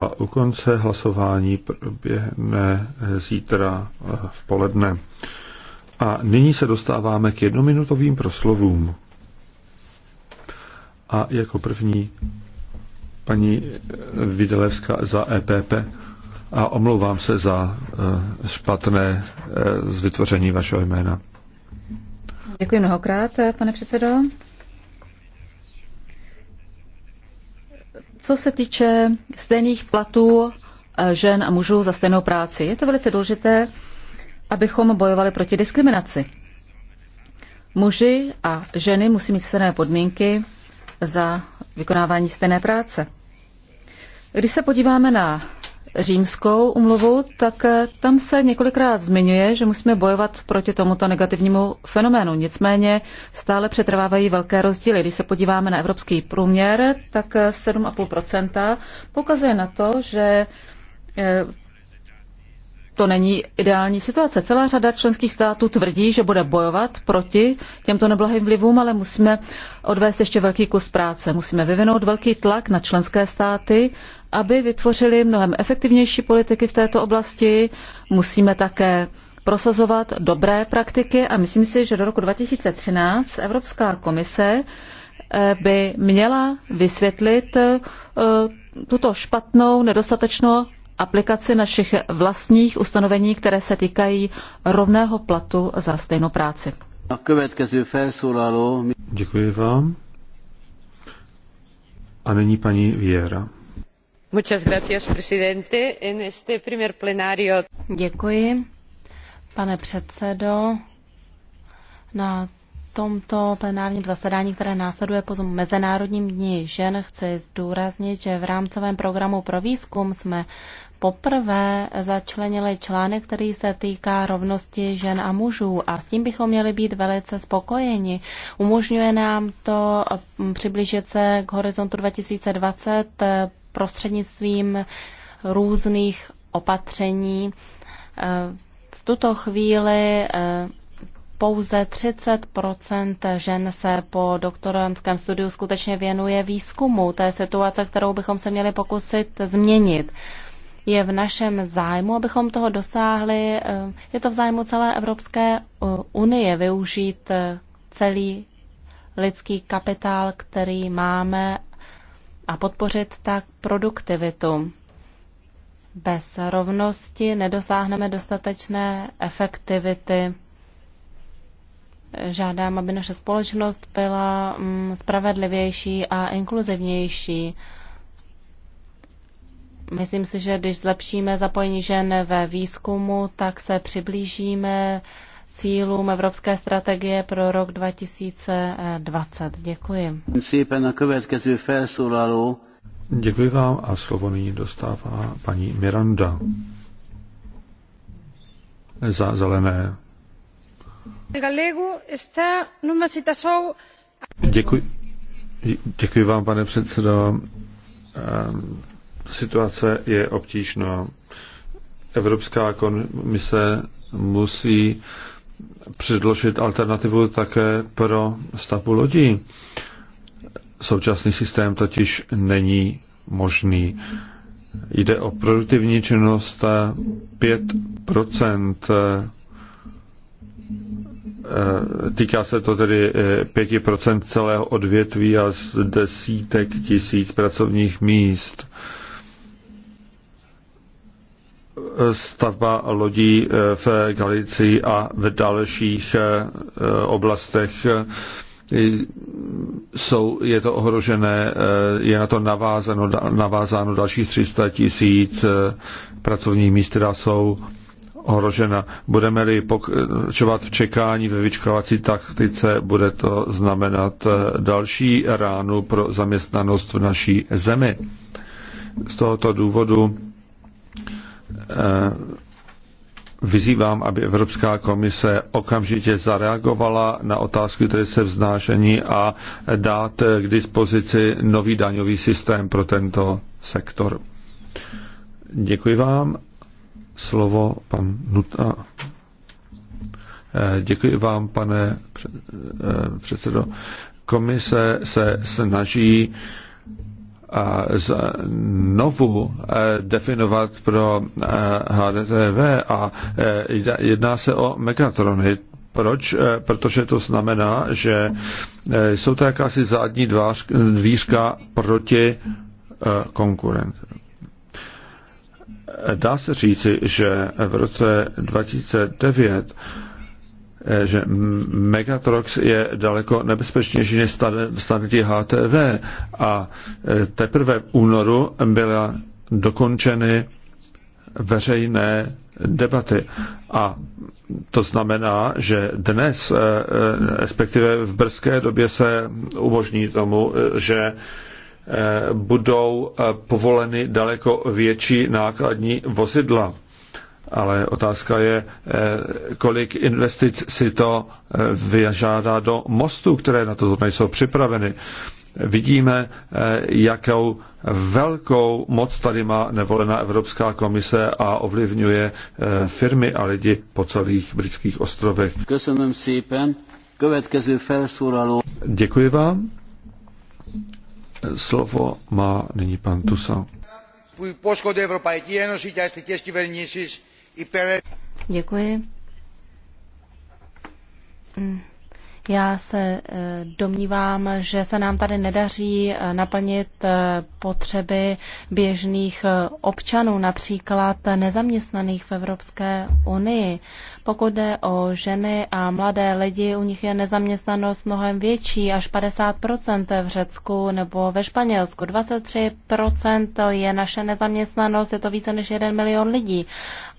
A u konce hlasování proběhne zítra eh, v poledne. A nyní se dostáváme k jednominutovým proslovům. A jako první paní eh, Videlevská za EPP. A omlouvám se za eh, špatné z vytvoření vašeho jména. Děkuji mnohokrát, pane předsedo. Co se týče stejných platů eh, žen a mužů za stejnou práci, je to velice důležité, abychom bojovali proti diskriminaci. Muži a ženy musí mít stejné podmínky za vykonávání stejné práce. Když se podíváme na římskou umluvu, tak eh, tam se několikrát zmiňuje, že musíme bojovat proti tomuto negativnímu fenoménu. Nicméně stále přetrvávají velké rozdíly. Když se podíváme na evropský průměr, tak 7,5% eh, poukazuje na to, že eh, to není ideální situace. Celá řada členských států tvrdí, že bude bojovat proti těmto neblahým vlivům, ale musíme odvést ještě velký kus práce. Musíme vyvinout velký tlak na členské státy, aby vytvořili mnohem efektivnější politiky v této oblasti. Musíme také prosazovat dobré praktiky a myslím si, že do roku 2013 Evropská komise eh, by měla vysvětlit eh, tuto špatnou, nedostatečnou aplikaci našich vlastních ustanovení, které se týkají rovného platu za stejnou práci. Děkuji vám. A nyní paní Věra. Děkuji, pane předsedo. Na tomto plenárním zasedání, které následuje po Mezinárodním dni žen, chci zdůraznit, že v rámcovém programu pro výzkum jsme poprvé začlenili článek, který se týká rovnosti žen a mužů a s tím bychom měli být velice spokojeni. Umožňuje nám to přiblížit se k horizontu 2020 prostřednictvím různých opatření. E, v tuto chvíli e, pouze 30 žen se po doktorantském studiu skutečně věnuje výzkumu. To je situace, kterou bychom se měli pokusit změnit. Je v našem zájmu, abychom toho dosáhli. E, je to v zájmu celé Evropské unie využít celý lidský kapitál, který máme a podpořit tak produktivitu. Bez rovnosti nedosáhneme dostatečné efektivity. Žádám, aby naše společnost byla mm, spravedlivější a inkluzivnější. Myslím si, že když zlepšíme zapojení žen ve výzkumu, tak se přiblížíme cílům Evropské strategie pro rok 2020. Děkuji. Děkuji vám a slovo nyní dostává paní Miranda za zelené. Děkuji. Děkuji vám, pane předsedo. Ehm, situace je obtížná. Evropská komise musí předložit alternativu také pro stavbu lodí. Současný systém totiž není možný. Jde o produktivní činnost 5 eh, Týká se to tedy 5% eh, celého odvětví a z desítek tisíc pracovních míst stavba lodí eh, v Galicii a v dalších eh, oblastech jsou, je to ohrožené, eh, je na to navázano, navázáno dalších 300 tisíc pracovních míst, která jsou ohrožena. Budeme-li pokračovat v čekání ve vyčkávací taktice, bude to znamenat další ránu pro zaměstnanost v naší zemi. Z tohoto důvodu Eh, vyzývám, aby Evropská komise okamžitě zareagovala na otázky které se vznášení a dát k dispozici nový daňový systém pro tento sektor. Děkuji vám. Slovo pan Nuta. Eh, děkuji vám, pane eh, předsedo. Komise se snaží znovu eh, definovat pro HDTV eh, a eh, jedná se o megatrony. Proč? Protože to znamená, že jsou to jakási zadní dvířka proti konkurenci. Dá se říci, že v roce 2009 Eh, že Megatrox je daleko nebezpečnější než standardní HTV a eh, teprve v únoru byla dokončeny veřejné debaty. A to znamená, že dnes, eh, respektive v brzké době se umožní tomu, že budou povoleny daleko větší nákladní vozidla ale otázka je, eh, kolik investic si to eh, vyžádá do mostů, které na to nejsou připraveny. Vidíme, eh, jakou velkou moc tady má nevolená Evropská komise a ovlivňuje firmy a lidi po celých britských ostrovech. Děkuji vám. Slovo má nyní pan Tusa. Děkuji. Já se eh, domnívám, že se nám tady nedaří eh, naplnit eh, potřeby běžných občanů, například nezaměstnaných v Evropské unii. Pokud jde o ženy a mladé lidi, u nich je nezaměstnanost mnohem větší, až 50% v Řecku nebo ve Španělsku. 23% je naše nezaměstnanost, je to více než 1 milion lidí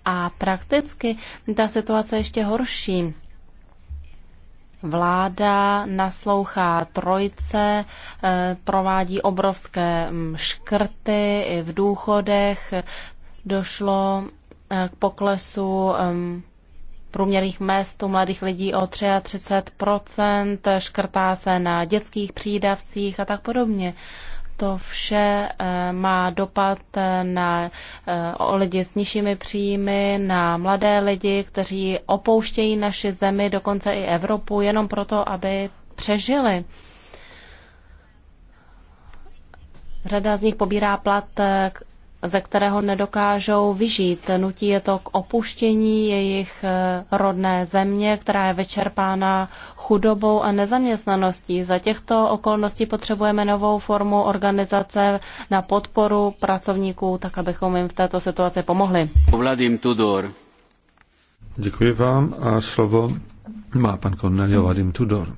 a prakticky ta situace ještě horší. Vláda naslouchá trojce, eh, provádí obrovské mm, škrty v důchodech, došlo eh, k poklesu mm, průměrných mest u mladých lidí o 33%, škrtá se na dětských přídavcích a tak podobně to vše eh, má dopad na eh, lidi s nižšími příjmy, na mladé lidi, kteří opouštějí naši zemi, dokonce i Evropu, jenom proto, aby přežili. Řada z nich pobírá plat eh, ze kterého nedokážou vyžít. Nutí je to k opuštění jejich eh, rodné země, která je vyčerpána chudobou a nezaměstnaností. Za těchto okolností potřebujeme novou formu organizace na podporu pracovníků, tak abychom jim v této situaci pomohli. Vladim Tudor. Děkuji vám a slovo má pan Kornelio Vadim Tudor.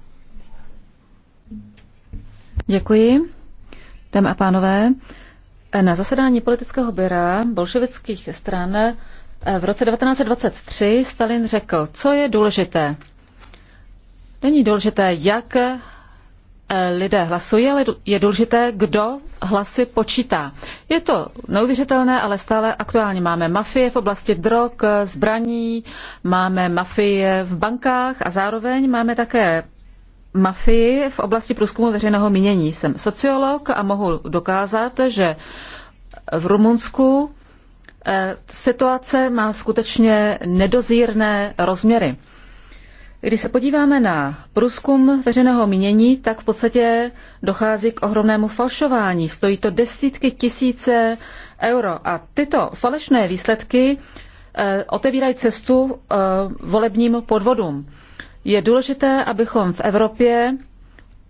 Děkuji. Dámy a pánové, na zasedání politického byra bolševických stran eh, v roce 1923 Stalin řekl, co je důležité. Není důležité, jak eh, lidé hlasují, ale je důležité, kdo hlasy počítá. Je to neuvěřitelné, ale stále aktuálně Máme mafie v oblasti drog, eh, zbraní, máme mafie v bankách a zároveň máme také mafii v oblasti průzkumu veřejného mínění. Jsem sociolog a mohu dokázat, že v Rumunsku eh, situace má skutečně nedozírné rozměry. Když se podíváme na průzkum veřejného mínění, tak v podstatě dochází k ohromnému falšování. Stojí to desítky tisíce euro. A tyto falešné výsledky eh, otevírají cestu eh, volebním podvodům je důležité, abychom v Evropě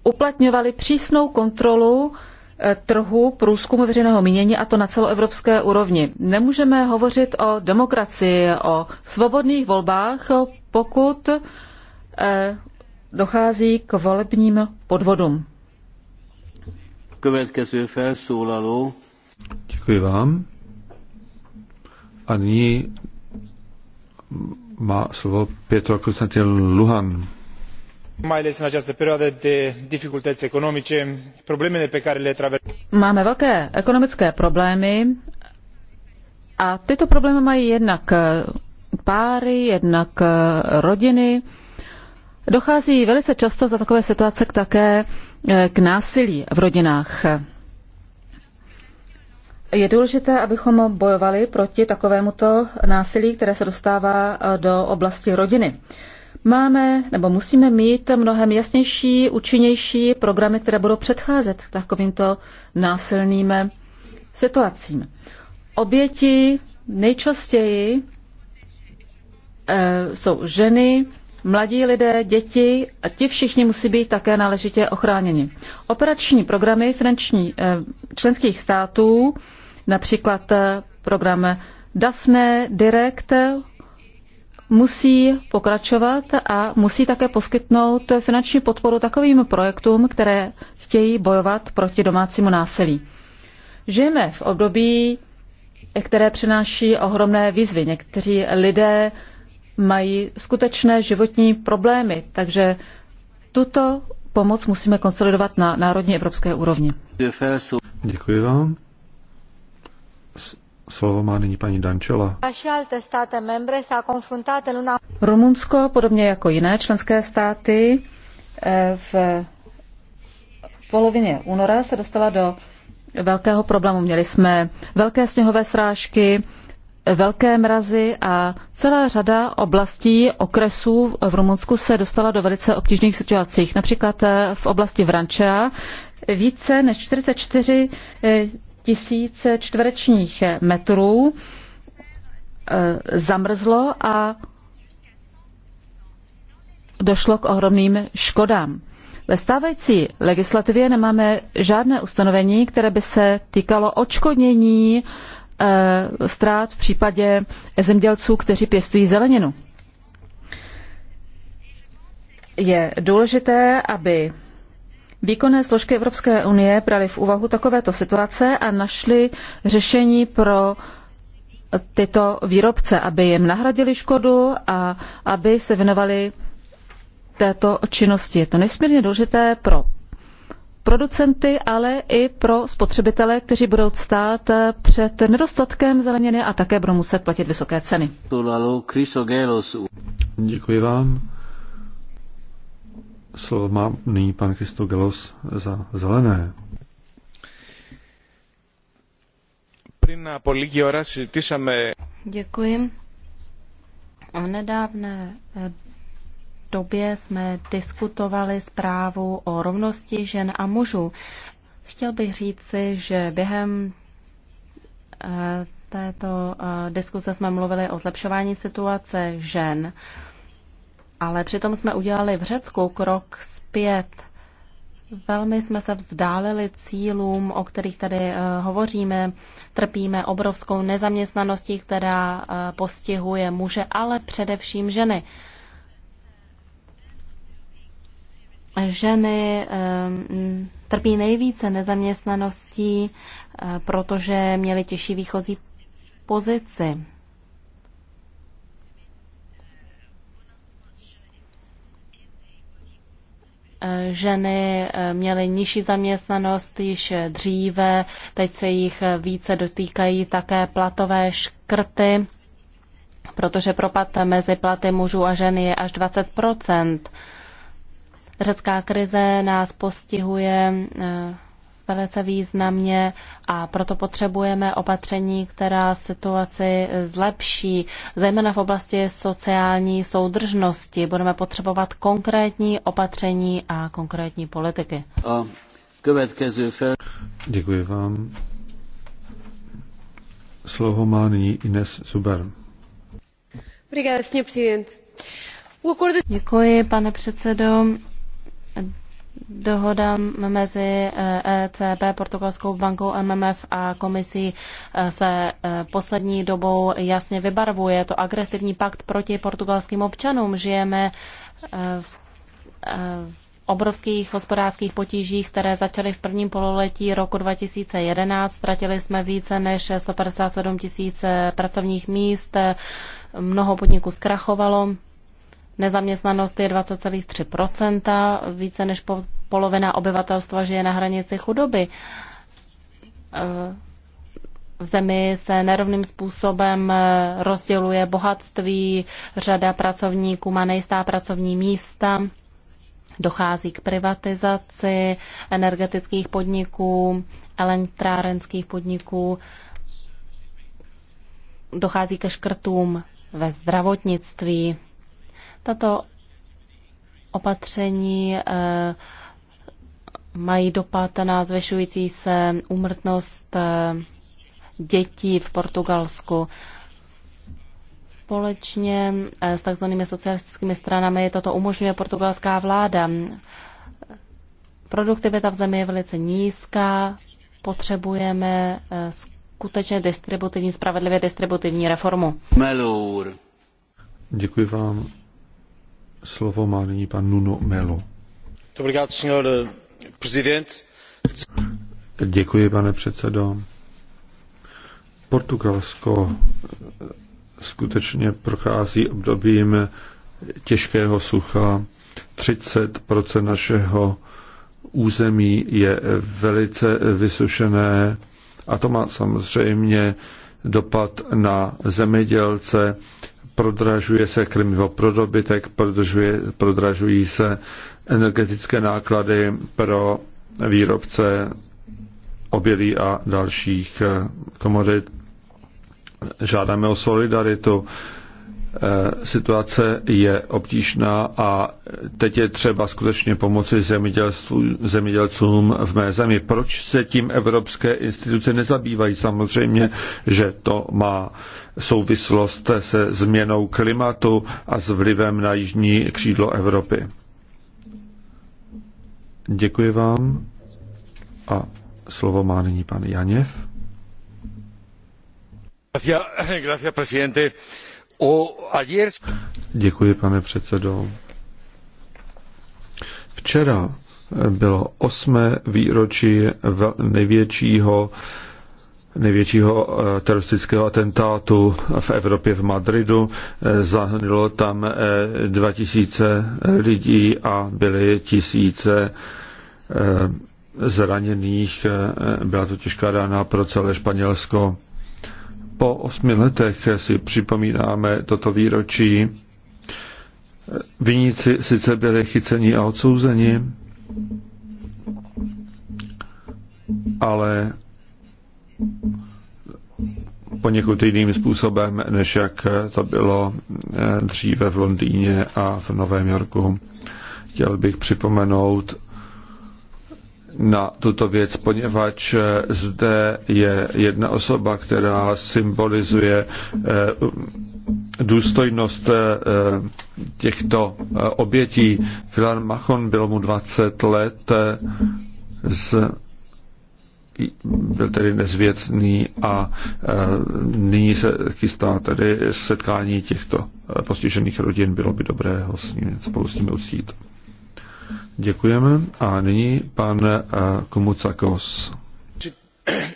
uplatňovali přísnou kontrolu eh, trhu průzkumu veřejného mínění a to na celoevropské úrovni. Nemůžeme hovořit o demokracii, o svobodných volbách, pokud eh, dochází k volebním podvodům. Děkuji vám. A nyní má slovo Pietro Konstantin Luhan. Mai ales în această perioadă de dificultăți economice, problemele pe care le traversăm. Máme velké ekonomické problémy a tyto problémy mají jednak eh, páry, jednak eh, rodiny. Dochází velice často za takové situace také eh, k násilí v rodinách. Je důležité, abychom bojovali proti takovémuto násilí, které se dostává eh, do oblasti rodiny. Máme nebo musíme mít mnohem jasnější, účinnější programy, které budou předcházet takovýmto násilným eh, situacím. Oběti nejčastěji eh, jsou ženy, mladí lidé, děti a ti všichni musí být také náležitě ochráněni. Operační programy finanční členských států Například eh, program DAFNE Direct musí pokračovat a musí také poskytnout finanční podporu takovým projektům, které chtějí bojovat proti domácímu násilí. Žijeme v období, které přináší ohromné výzvy. Někteří lidé mají skutečné životní problémy, takže tuto pomoc musíme konsolidovat na národní evropské úrovni. Děkuji vám. Slovo má nyní paní Dančela. Rumunsko, podobně jako jiné členské státy, eh, v polovině února se dostala do velkého problému. Měli jsme velké sněhové srážky, velké mrazy a celá řada oblastí, okresů v Rumunsku se dostala do velice obtížných situací. Například eh, v oblasti Vrancea více než 44 tisíce čtverečních metrů eh, zamrzlo a došlo k ohromným škodám. Ve stávající legislativě nemáme žádné ustanovení, které by se týkalo očkodnění eh, ztrát v případě zemědělců, kteří pěstují zeleninu. Je důležité, aby Výkonné složky Evropské unie brali v úvahu takovéto situace a našli řešení pro tyto výrobce, aby jim nahradili škodu a aby se věnovali této činnosti. Je to nesmírně důležité pro producenty, ale i pro spotřebitele, kteří budou stát před nedostatkem zeleniny a také budou muset platit vysoké ceny. Děkuji vám. Slovo má nyní pan Christo Gelos za zelené. Děkuji. V nedávné eh, době jsme diskutovali zprávu o rovnosti žen a mužů. Chtěl bych říci, že během eh, této eh, diskuse jsme mluvili o zlepšování situace žen ale přitom jsme udělali v Řecku krok zpět. Velmi jsme se vzdálili cílům, o kterých tady eh, hovoříme. Trpíme obrovskou nezaměstnaností, která eh, postihuje muže, ale především ženy. Ženy eh, trpí nejvíce nezaměstnaností, protože měly těžší výchozí pozici. ženy eh, měly nižší zaměstnanost již dříve, teď se jich eh, více dotýkají také platové škrty, protože propad mezi platy mužů a žen je až 20 Řecká krize nás postihuje eh, velice významně a proto potřebujeme opatření, která situaci zlepší, zejména v oblasti sociální soudržnosti. Budeme potřebovat konkrétní opatření a konkrétní politiky. Děkuji vám. Slovo má nyní Ines Zuber. Děkuji, pane předsedo. Dohoda mezi ECB, eh, e Portugalskou bankou MMF a komisí eh, se eh, poslední dobou jasně vybarvuje. To agresivní pakt proti portugalským občanům. Žijeme v obrovských hospodářských potížích, které začaly v prvním pololetí roku 2011. Ztratili jsme více než 157 tisíc pracovních míst, mnoho podniků zkrachovalo. Nezaměstnanost je 20,3%, více než polovina obyvatelstva žije na hranici chudoby. Eh, v zemi se nerovným způsobem eh, rozděluje bohatství, řada pracovníků má nejistá pracovní místa, dochází k privatizaci energetických podniků, elektrárenských podniků, dochází ke škrtům ve zdravotnictví. Tato opatření eh, mají dopad na zvyšující se úmrtnost eh, dětí v Portugalsku. Společně eh, s takzvanými socialistickými stranami toto umožňuje portugalská vláda. Produktivita v zemi je velice nízká, potřebujeme skutečně distributivní, spravedlivě distributivní reformu. Melour, Děkuji vám. Slovo má nyní pan Nuno Melo. Eh, Děkuji, pane předsedo. Portugalsko eh, skutečně prochází obdobím těžkého sucha. 30 našeho území je velice vysušené a to má samozřejmě dopad na zemědělce, prodražuje se krmivo dobytek, prodražuje, prodražují se energetické náklady pro výrobce obilí a dalších eh, komodit. Žádáme o solidaritu Eh, situace je obtížná a teď je třeba skutečně pomoci zemědělcům v mé zemi. Proč se tím evropské instituce nezabývají? Samozřejmě, že to má souvislost se změnou klimatu a s vlivem na jižní křídlo Evropy. Děkuji vám a slovo má nyní pan Janěv. Gracias, gracias, presidente. Děkuji, pane předsedo. Včera bylo osmé výročí největšího největšího eh, teroristického atentátu v Evropě v Madridu. Eh, zahnilo tam 2000 eh, lidí a byly tisíce zraněných. Byla to těžká rána pro celé Španělsko. Po osmi letech si připomínáme toto výročí. Viníci sice byli chyceni a odsouzeni, ale poněkud jiným způsobem, než jak to bylo eh, dříve v Londýně a v Novém Jorku. Chtěl bych připomenout na tuto věc, poněvadž eh, zde je jedna osoba, která symbolizuje eh, důstojnost eh, těchto obětí. Filan Machon bylo mu 20 let, z, byl tedy nezvěcný a nyní se chystá tedy setkání těchto postižených rodin. Bylo by dobré ho s ním, spolu s nimi usít. Děkujeme. A nyní pan eh, Komucakos.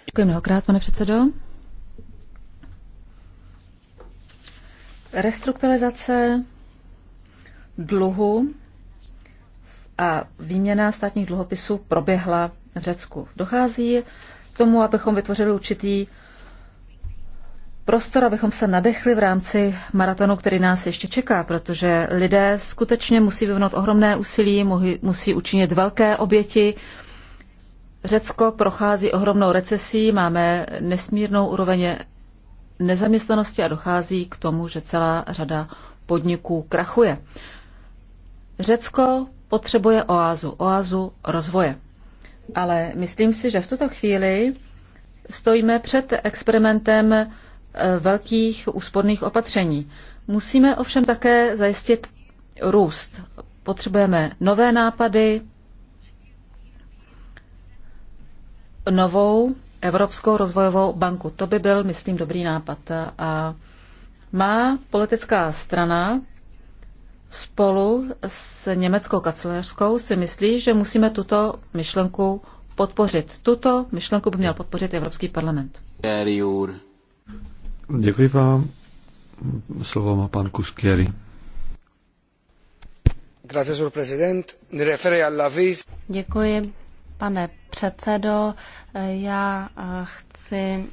Děkuji mnohokrát, pane předsedo. Restrukturalizace dluhu a výměna státních dluhopisů proběhla v Řecku. Dochází k tomu, abychom vytvořili určitý prostor, abychom se nadechli v rámci maratonu, který nás ještě čeká, protože lidé skutečně musí vyvnout ohromné úsilí, musí učinit velké oběti. Řecko prochází ohromnou recesí, máme nesmírnou úroveň nezaměstnanosti a dochází k tomu, že celá řada podniků krachuje. Řecko potřebuje oázu, oázu rozvoje. Ale myslím si, že v tuto chvíli stojíme před experimentem Eh, velkých úsporných opatření. Musíme ovšem také zajistit růst. Potřebujeme nové nápady, novou Evropskou rozvojovou banku. To by byl, myslím, dobrý nápad. A má politická strana spolu s německou kancelářskou si myslí, že musíme tuto myšlenku podpořit. Tuto myšlenku by měl podpořit Evropský parlament. Děkuji vám. Slovo má pan Kuskieri. Děkuji, pane předsedo. Já eh, chci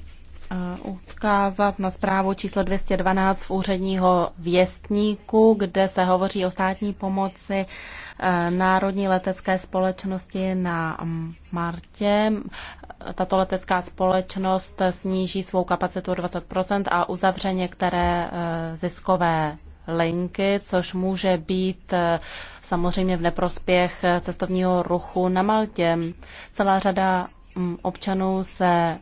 Uh, odkázat na zprávu číslo 212 v úředního věstníku, kde se hovoří o státní pomoci uh, Národní letecké společnosti na Martě. Tato letecká společnost sníží svou kapacitu 20 a uzavře některé uh, ziskové linky, což může být samozřejmě v neprospěch cestovního ruchu na Maltě. Celá řada občanů se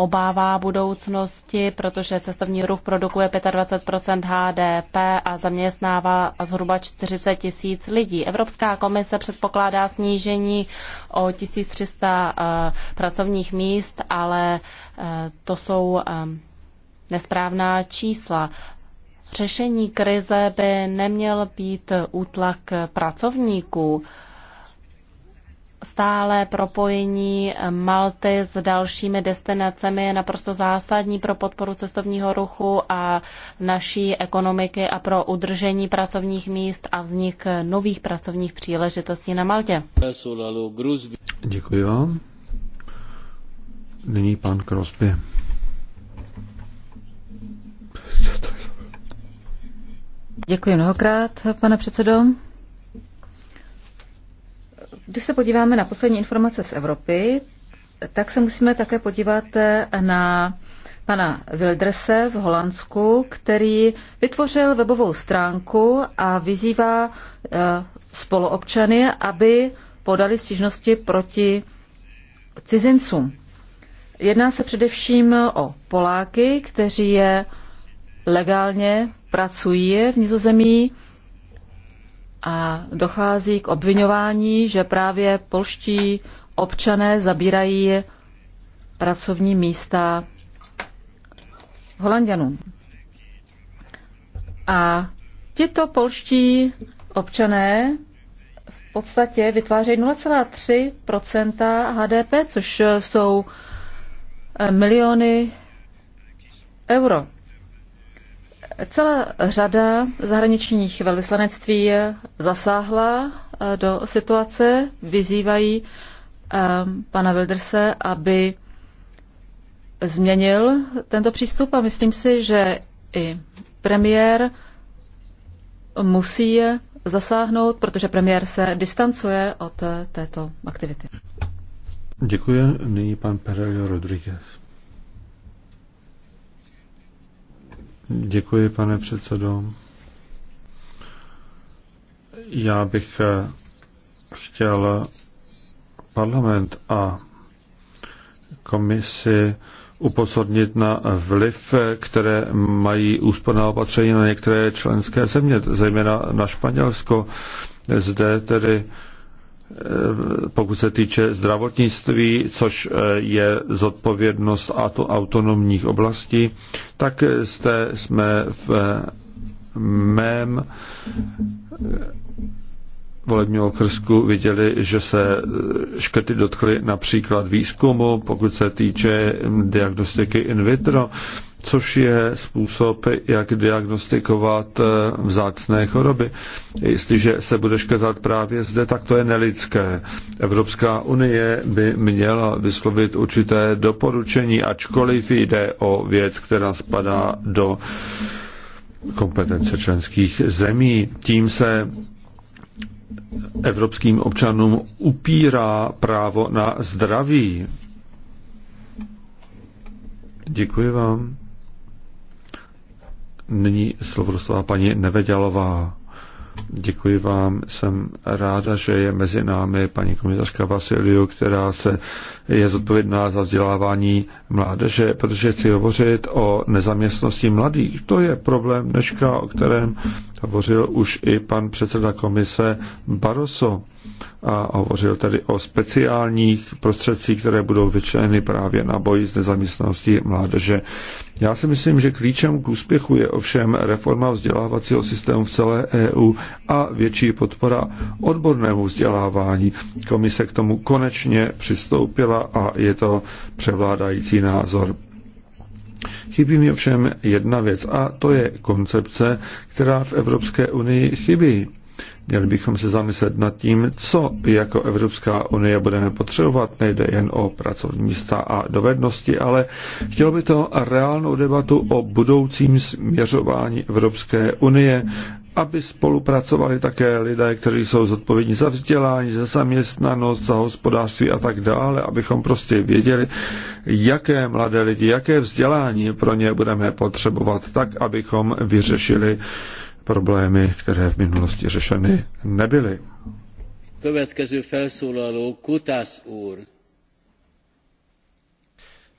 obává budoucnosti, protože cestovní ruch produkuje 25 HDP a zaměstnává zhruba 40 tisíc lidí. Evropská komise předpokládá snížení o 1300 eh, pracovních míst, ale eh, to jsou ehm, nesprávná čísla. Řešení krize by neměl být útlak pracovníků stále propojení Malty s dalšími destinacemi je naprosto zásadní pro podporu cestovního ruchu a naší ekonomiky a pro udržení pracovních míst a vznik nových pracovních příležitostí na Maltě. Děkuji vám. Nyní pan Krosby. Děkuji mnohokrát, pane předsedo. Když se podíváme na poslední informace z Evropy, tak se musíme také podívat eh, na pana Wildrese v Holandsku, který vytvořil webovou stránku a vyzývá eh, spoluobčany, aby podali stížnosti proti cizincům. Jedná se především o Poláky, kteří je legálně pracují v Nizozemí a dochází k obvinování, že právě polští občané zabírají pracovní místa holanděnům. A tito polští občané v podstatě vytvářejí 0,3 HDP, což jsou eh, miliony euro. Celá řada zahraničních velvyslanectví zasáhla eh, do situace, vyzývají ehm, pana Wilderse, aby změnil tento přístup a myslím si, že i premiér musí zasáhnout, protože premiér se distancuje od eh, této aktivity. Děkuji. Nyní pan Pereira Rodríguez. Děkuji, pane předsedo. Já bych eh, chtěl parlament a komisi upozornit na vliv, eh, které mají úsporná opatření na některé členské země, zejména na Španělsko. Zde tedy Eh, pokud se týče zdravotnictví, což eh, je zodpovědnost a to autonomních oblastí, tak zde jsme v eh, mém volebního okrsku viděli, že se škrty dotkly například výzkumu, pokud se týče diagnostiky in vitro, což je způsob, jak diagnostikovat eh, vzácné choroby. Jestliže se bude škrtat právě zde, tak to je nelidské. Evropská unie by měla vyslovit určité doporučení, ačkoliv jde o věc, která spadá do kompetence členských zemí. Tím se evropským občanům upírá právo na zdraví. Děkuji vám. Nyní slovo dostala paní Nevedělová. Děkuji vám. Jsem ráda, že je mezi námi paní komisařka Vasiliu, která se je zodpovědná za vzdělávání mládeže, protože chci hovořit o nezaměstnosti mladých. To je problém dneška, o kterém hovořil už i pan předseda komise Barroso a hovořil tedy o speciálních prostředcích, které budou vyčleny právě na boji s nezaměstnaností mládeže. Já si myslím, že klíčem k úspěchu je ovšem reforma vzdělávacího systému v celé EU a větší podpora odbornému vzdělávání. Komise k tomu konečně přistoupila a je to převládající názor. Chybí mi ovšem jedna věc a to je koncepce, která v Evropské unii chybí Měli bychom se zamyslet nad tím, co jako Evropská unie budeme potřebovat. Nejde jen o pracovní místa a dovednosti, ale chtělo by to reálnou debatu o budoucím směřování Evropské unie, aby spolupracovali také lidé, kteří jsou zodpovědní za vzdělání, za zaměstnanost, za hospodářství a tak dále, abychom prostě věděli, jaké mladé lidi, jaké vzdělání pro ně budeme potřebovat, tak abychom vyřešili uh, problémy, které v minulosti řešeny nebyly.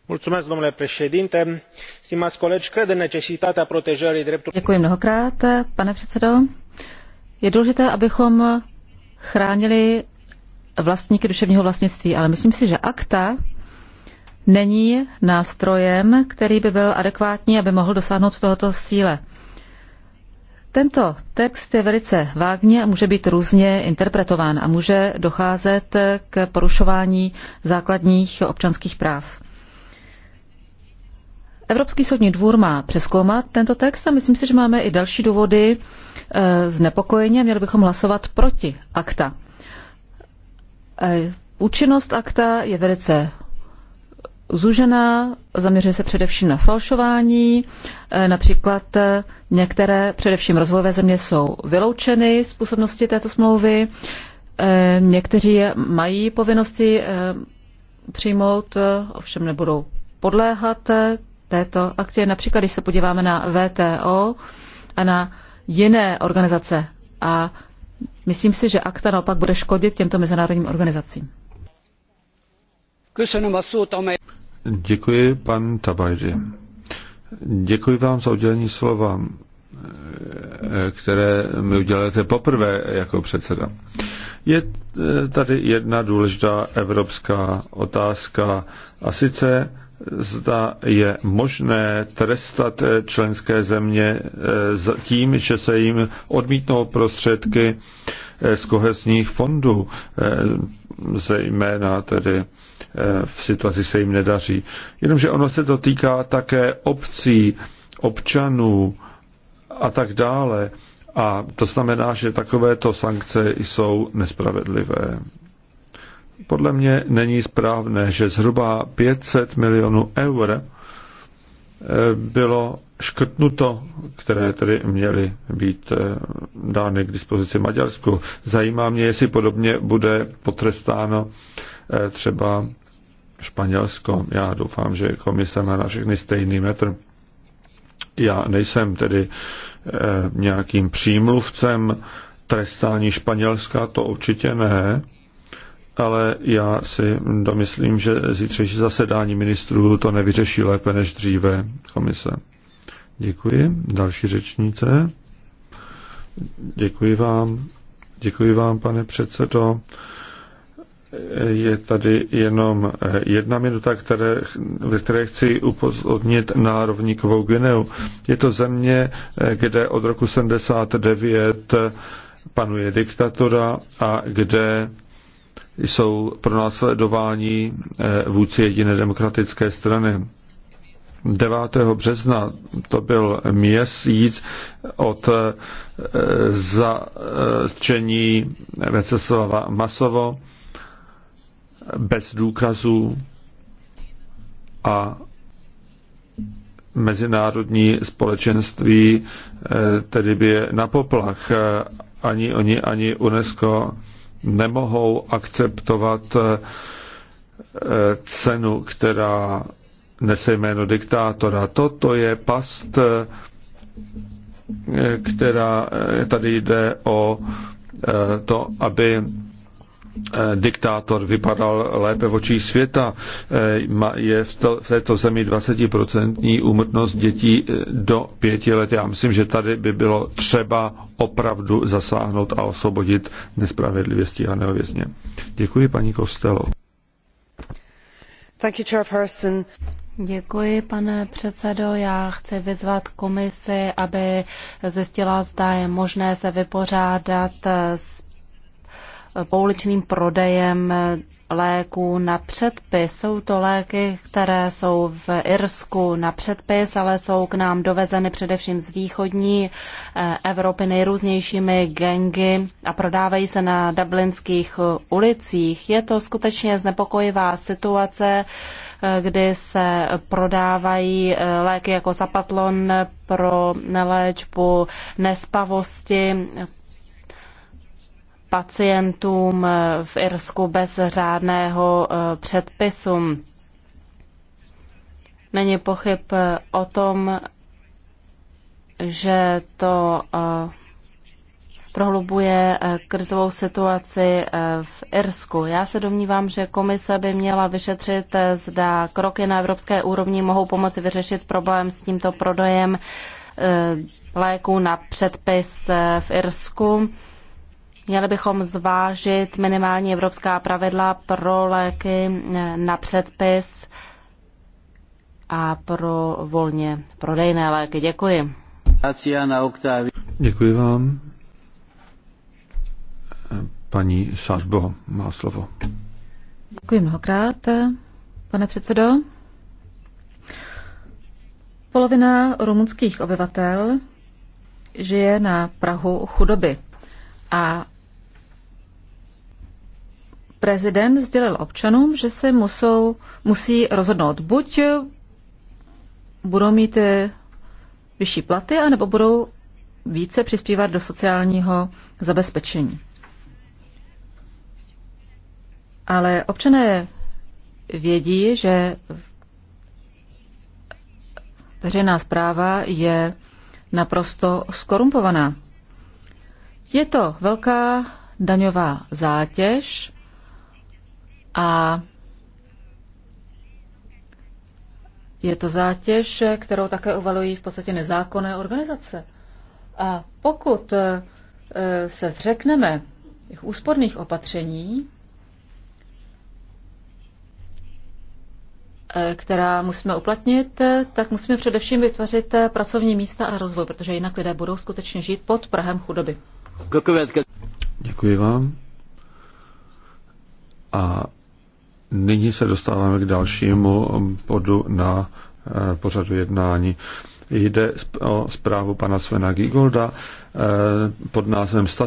Mulțumesc, domnule președinte. Stimați colegi, cred în necesitatea protejării drepturilor. Děkuji mnohokrát, pane předsedo. Je důležité, abychom chránili vlastníky duševního vlastnictví, ale myslím si, že akta není nástrojem, který by byl adekvátní, aby mohl dosáhnout tohoto síle. Tento text je velice vágně a může být různě interpretován a může docházet k porušování základních občanských práv. Evropský soudní dvůr má přeskoumat tento text a myslím si, že máme i další důvody e, znepokojení a měli bychom hlasovat proti akta. Eh, účinnost akta je velice zužená, zaměřuje se především na falšování. E, například e, některé, především rozvojové země, jsou vyloučeny z působnosti této smlouvy. E, někteří mají povinnosti přijmout, ovšem nebudou podléhat této akci. Například, když se podíváme na VTO a na jiné organizace a myslím si, že akta naopak bude škodit těmto mezinárodním organizacím. Děkuji, pan Tabajdi. Děkuji vám za udělení slova, které mi uděláte poprvé jako předseda. Je tady jedna důležitá evropská otázka, a sice zda je možné trestat členské země eh, tím, že se jim odmítnou prostředky eh, z kohezních fondů, eh, zejména tedy v situaci se jim nedaří. Jenomže ono se to týká také obcí, občanů a tak dále. A to znamená, že takovéto sankce jsou nespravedlivé. Podle mě není správné, že zhruba 500 milionů eur eh, bylo škrtnuto, které tedy měly být eh, dány k dispozici Maďarsku. Zajímá mě, jestli podobně bude potrestáno eh, třeba Španělsko. Já doufám, že komise má na všechny stejný metr. Já nejsem tedy eh, nějakým přímluvcem trestání Španělska, to určitě ne, ale já si domyslím, že zítřejší zasedání ministrů to nevyřeší lépe než dříve komise. Děkuji. Další řečníce. Děkuji vám. Děkuji vám, pane předsedo. Eh, je tady jenom eh, jedna minuta, které, ve které chci upozornit na rovníkovou Gineu. Je to země, eh, kde od roku 79 eh, panuje diktatura a kde jsou pro následování vůdci jediné demokratické strany. 9. března to byl měsíc od zatčení Veceslava Masovo bez důkazů a mezinárodní společenství eh, tedy by je na poplach. Ani oni, ani UNESCO nemohou akceptovat eh, cenu, která nese jméno diktátora. Toto je past, eh, která tady jde o to, aby Eh, diktátor vypadal lépe v očích světa. Eh, je v této zemi 20% úmrtnost dětí eh, do pěti let. Já myslím, že tady by bylo třeba opravdu zasáhnout a osvobodit nespravedlivě stíhaného vězně. Děkuji paní Kostelo. Thank you, Chairperson. Děkuji, pane předsedo. Já chci vyzvat komisi, aby zjistila, zda je možné se vypořádat s pouličným prodejem léků na předpis. Jsou to léky, které jsou v Irsku na předpis, ale jsou k nám dovezeny především z východní eh, Evropy nejrůznějšími gengy a prodávají se na dublinských ulicích. Je to skutečně znepokojivá situace, eh, kdy se prodávají eh, léky jako zapatlon pro léčbu nespavosti, pacientům eh, v Irsku bez řádného eh, předpisu. Není pochyb eh, o tom, že to prohlubuje krizovou situaci v Irsku. Já se domnívám, že komise by měla vyšetřit, zda kroky na evropské úrovni mohou pomoci vyřešit problém s tímto prodejem léků na předpis v Irsku. Měli bychom zvážit minimální evropská pravidla pro léky na předpis a pro volně prodejné léky. Děkuji. Děkuji vám. Paní Sařbo má slovo. Děkuji mnohokrát, pane předsedo. Polovina rumunských obyvatel žije na Prahu chudoby a prezident sdělil občanům, že se musou, musí rozhodnout buď budou mít eh, vyšší platy, anebo budou více přispívat do sociálního zabezpečení. Ale občané vědí, že veřejná zpráva je naprosto skorumpovaná. Je to velká daňová zátěž, a je to zátěž, kterou také uvalují v podstatě nezákonné organizace. A pokud eh, se zřekneme těch úsporných opatření, eh, která musíme uplatnit, tak musíme především vytvořit eh, pracovní místa a rozvoj, protože jinak lidé budou skutečně žít pod Prahem chudoby. Děkuji vám. A Nyní se dostáváme k dalšímu bodu na eh, pořadu jednání. Jde o zprávu pana Svena Gigolda eh, pod názvem Stat